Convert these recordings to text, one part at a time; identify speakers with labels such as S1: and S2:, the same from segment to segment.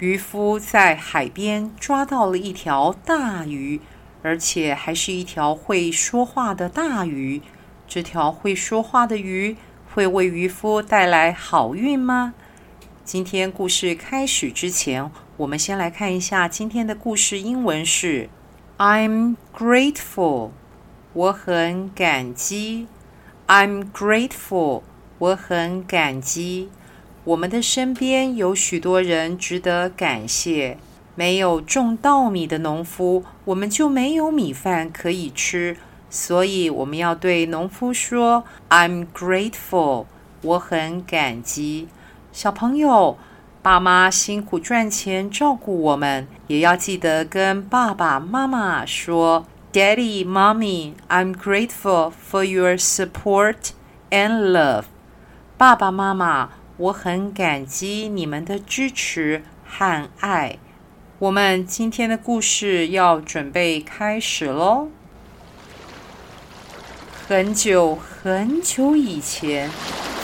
S1: 漁夫在海邊抓到了一條大魚，而且還是一條會說話的大魚。這條會說話的魚會為漁夫帶來好運嗎？今天故事開始之前，我們先來看一下今天的故事。英文是：I'm grateful，我很感激。I'm grateful，我很感激。我們的身邊有許多人值得感謝。沒有種稻米的農夫，我們就沒有米飯可以吃。所以我們要對農夫說：“I'm grateful，我很感激。”小朋友，爸媽辛苦賺錢照顧我們，也要記得跟爸爸媽媽說：“Daddy, Mommy, I'm grateful for your support and love。”爸爸媽媽我很感激你們的支持和愛。我們今天的故事要準備開始嘍。很久很久以前，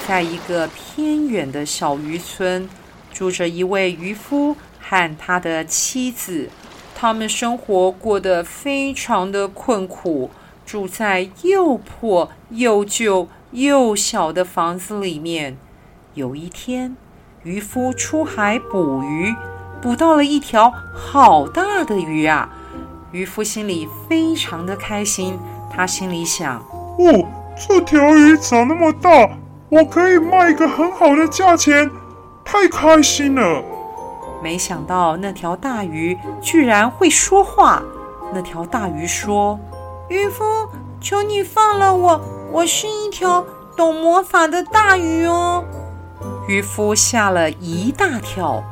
S1: 在一個偏遠的小漁村，住着一位漁夫和他的妻子。他們生活過得非常的困苦，住在又破又舊又小的房子裡面。有一天，漁夫出海捕魚，捕到了一條好大的魚啊！漁夫心裡非常的開心，他心裡想：“
S2: 哦，這條魚長那麼大，我可以賣一個很好的價錢，太開心了。”沒想到那條
S1: 大魚居然會說話。那條大魚說：“
S2: 漁夫，
S1: 求你放了我，我是一條懂魔法的大魚哦。”漁夫嚇了一大跳，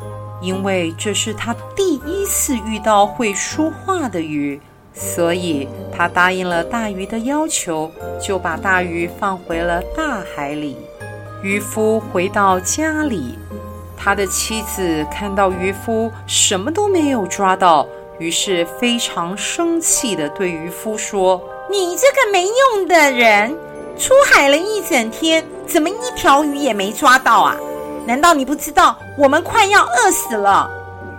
S1: 因為這是他第一次遇到會說話的魚，所以他答應了大魚的要求，就把大魚放回了大海裡。漁夫回到家裡，他的妻子看到漁夫什麼都沒有抓到，於是非常生氣地對漁夫說：“你這個沒用的人，出海了一整天。”怎麼一條魚也沒抓到啊？難道你不知道我們快要餓死了？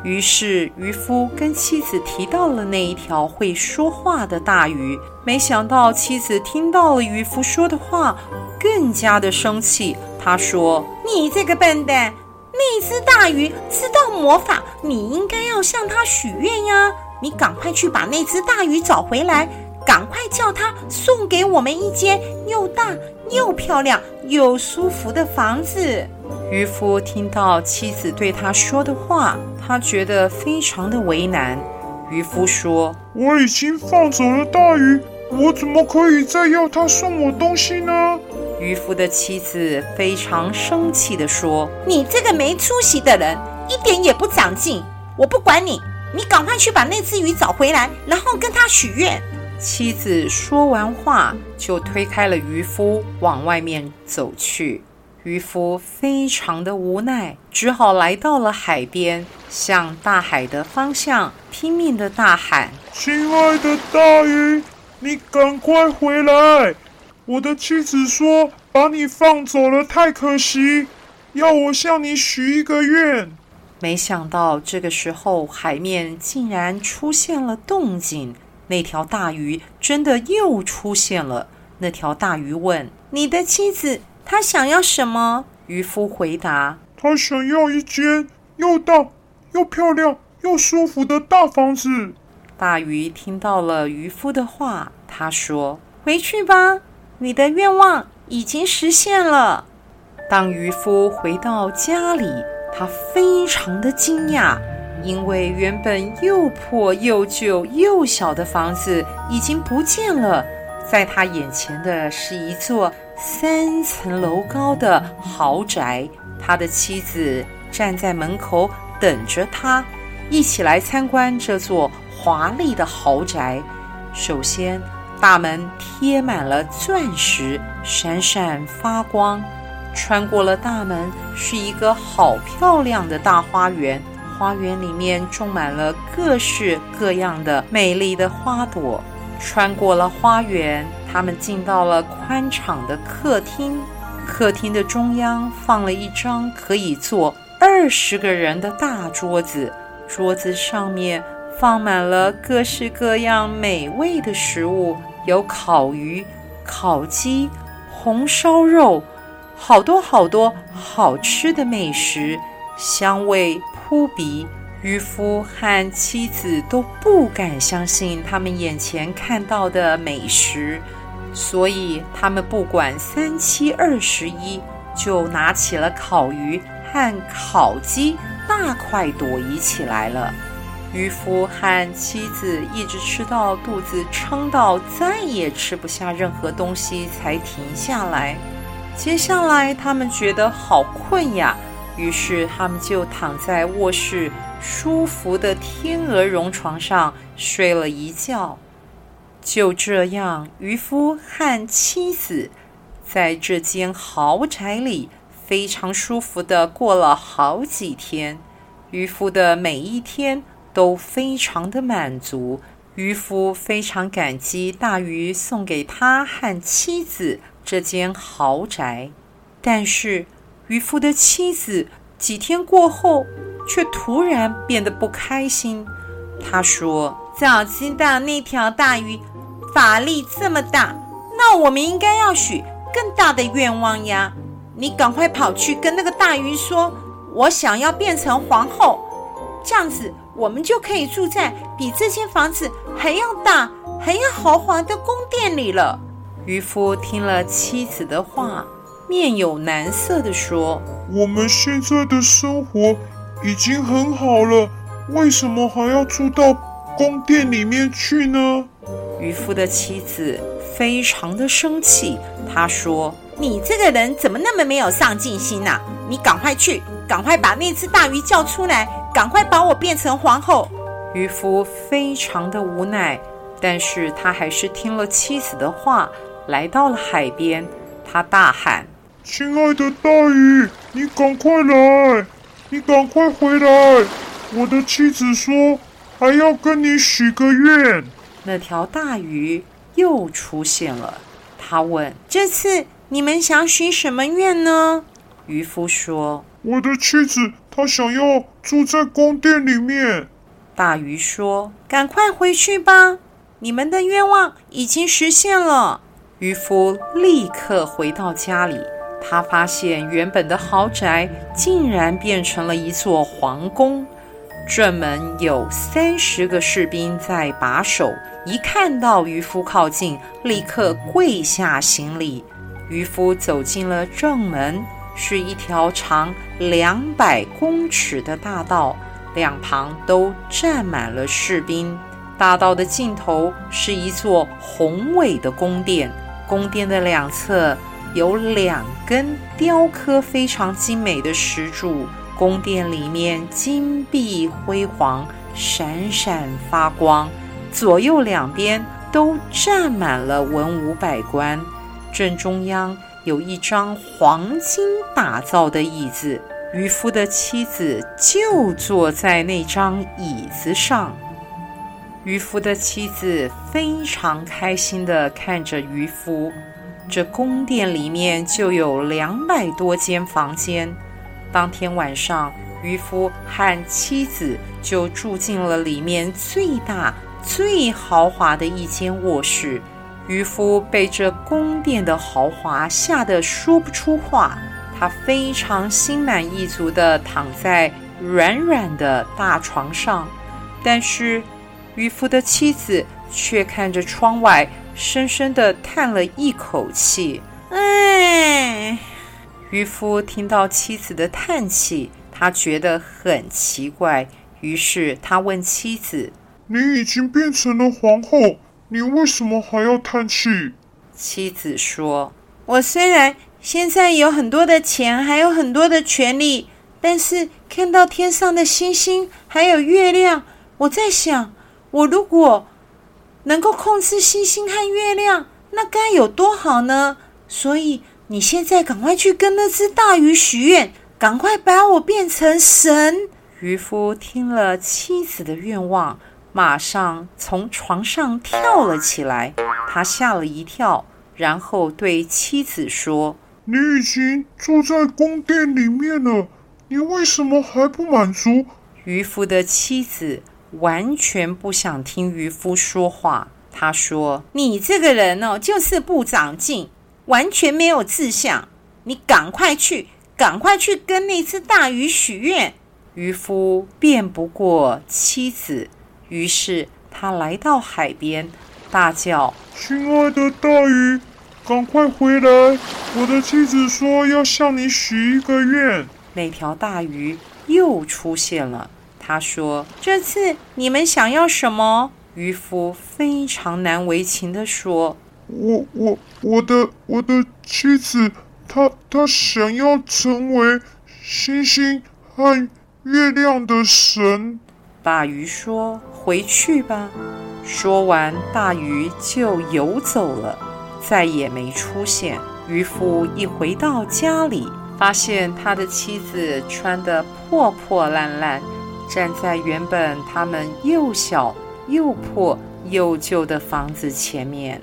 S1: 於是漁夫跟妻子提到了那一條會說話的大魚，沒想到妻子聽到了漁夫說的話，更加的生氣。他說：“你這個笨蛋，那只大魚知道魔法，你應該要向它許願呀！你趕快去把那只大魚找回來。”趕快叫他送給我們一間又大又漂亮又舒服的房子。漁夫聽到妻子對他說的話，他覺得非常的為難。漁夫說：“
S2: 我已經放走了大魚，我怎麼可以再要他送我東西呢？”漁夫的妻子非常
S1: 生氣地說：“你這個沒出息的人，一點也不長進！我不管你，你趕快去把那只魚找回來，然後跟他許願。”妻子說完話，就推開了漁夫，往外面走去。漁夫非常的無奈，只好來到了海邊，向大海的方向拼命的大喊：“
S2: 親愛的大魚，你趕快回來！我的妻子說把你放走了，太可惜，要我向你許一個願。”沒想到這個時候，
S1: 海面竟然出現了動靜。那條大魚真的又出現了。那條大魚問：“你的妻子她想要什麼？”漁夫回答：“她想要一間又大又漂亮又舒服的大房子。”大魚聽到了漁夫的話，他說：“回去吧，你的願望已經實現了。”當漁夫回到家裡，他非常的驚訝。因為原本又破又舊又小的房子已經不見了，在他眼前的是一座三層樓高的豪宅。他的妻子站在門口等着他，一起來參觀這座華麗的豪宅。首先，大門貼滿了鑽石，閃閃發光。穿過了大門，是一個好漂亮的大花園。花園裡面種滿了各式各樣的美麗的花朵。穿過了花園，他們進到了寬敞的客廳。客廳的中央放了一張可以坐二十個人的大桌子，桌子上面放滿了各式各樣美味的食物，有烤魚、烤雞、紅燒肉，好多好多好吃的美食，香味。撲鼻，漁夫和妻子都不敢相信他們眼前看到的美食，所以他們不管三七二十一，就拿起了烤魚和烤雞，大快朵頤起來了。漁夫和妻子一直吃到肚子撐到再也吃不下任何東西才停下來。接下來，他們覺得好困呀。於是，他們就躺在臥室舒服的天鵝絨床上睡了一覺。就這樣，漁夫和妻子在這間豪宅裡非常舒服的過了好幾天。漁夫的每一天都非常的滿足。漁夫非常感激大魚送給他和妻子這間豪宅，但是。漁夫的妻子幾天過後，卻突然變得不開心。他說：“早知道那條大魚法力這麼大，那我們應該要許更大的願望呀！你趕快跑去跟那個大魚說，我想要變成皇後，這樣子我們就可以住在比這間房子還要大、還要豪華的宮殿裡了。”漁夫聽了妻子的話。面有難色地說：“
S2: 我們現在的生活已經很好了，為什麼還要住到宮殿裡面去呢？”
S1: 漁夫的妻子非常的生氣，他說：“你這個人怎麼那麼沒有上進心呢、啊？你趕快去，趕快把那隻大魚叫出來，趕快把我變成皇後。”漁夫非常的無奈，但是他還是聽了妻子的話，來到了海邊，他大喊。
S2: 親愛的大魚，你趕快來，你趕快回來！我的妻子說，還要跟你許個願。那條大魚又出現了。他問：“
S1: 這次你們想許什麼願呢？”
S2: 漁夫說：“我的妻子她想要住在宮殿裡面。”
S1: 大魚說：“趕快回去吧，你們的願望已經實現了。”漁夫立刻回到家裡。他發現原本的豪宅竟然變成了一座皇宮，正門有三十個士兵在把守，一看到漁夫靠近，立刻跪下行禮。漁夫走進了正門，是一條長兩百公尺的大道，兩旁都站滿了士兵。大道的盡頭是一座宏偉的宮殿，宮殿的兩側，有兩根雕刻非常精美的石柱，宮殿裡面金碧輝煌，閃閃發光。左右兩邊都站滿了文武百官，正中央有一張黃金打造的椅子，漁夫的妻子就坐在那張椅子上。漁夫的妻子非常開心地看着漁夫。這宮殿裡面就有兩百多間房間。當天晚上，漁夫和妻子就住進了裡面最大、最豪華的一間臥室。漁夫被這宮殿的豪華嚇得說不出話，他非常心滿意足地躺在軟軟的大床上。但是，漁夫的妻子卻看着窗外。深深地嘆了一口氣，唉、嗯。漁夫聽到妻子的嘆氣，他覺得很奇怪，於是他問
S2: 妻子：“你已經變成了皇後，你為什麼還要嘆氣？”妻子
S1: 說：“我雖然現在有很多的錢，還有很多的權力，但是看到天上的星星還有月亮，我在想，我如果……”能夠控制星星和月亮，那該有多好呢！所以你現在趕快去跟那隻大魚許願，趕快把我變成神！漁夫聽了妻子的願望，馬上從床上跳了起來。他嚇了一跳，然後對妻子說：“
S2: 你已經住在宮殿裡面了，你為什麼還不滿足？”漁夫的妻子，
S1: 完全不想聽漁夫說話。他說：“
S2: 你這個人哦，
S1: 就是不長進，完全沒有志向。你趕快去，趕快去跟那隻大魚許願。”漁夫辯不過妻子，於是他來到海邊，大叫：“
S2: 親愛的大魚，趕快回來！我的妻子說要向你許一個願。”那條大魚又出現了。他說：“這次
S1: 你們想要什麼？”漁夫非常難為情地說：“
S2: 我我我的我的妻子，她她想要成為星星和月亮的神。”大魚
S1: 說：“回去吧。”說完，大魚就遊走了，再也沒出現。漁夫一回到家裡，發現他的妻子穿得破破爛爛站在原本他們又小又破又舊的房子前面，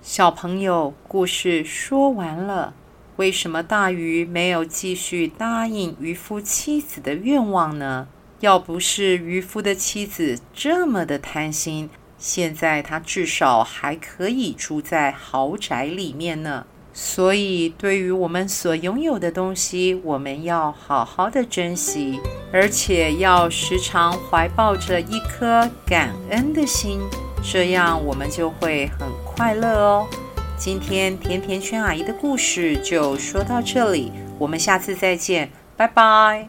S1: 小朋友，故事說完了。為什麼大魚沒有繼續答應漁夫妻子的願望呢？要不是漁夫的妻子這麼的貪心，現在他至少還可以住在豪宅裡面呢。所以，對於我們所擁有的東西，我們要好好的珍惜，而且要時常懷抱着一顆感恩的心，這樣我們就會很快樂哦。今天甜甜圈阿姨的故事就說到這裡，我們下次再見，拜拜。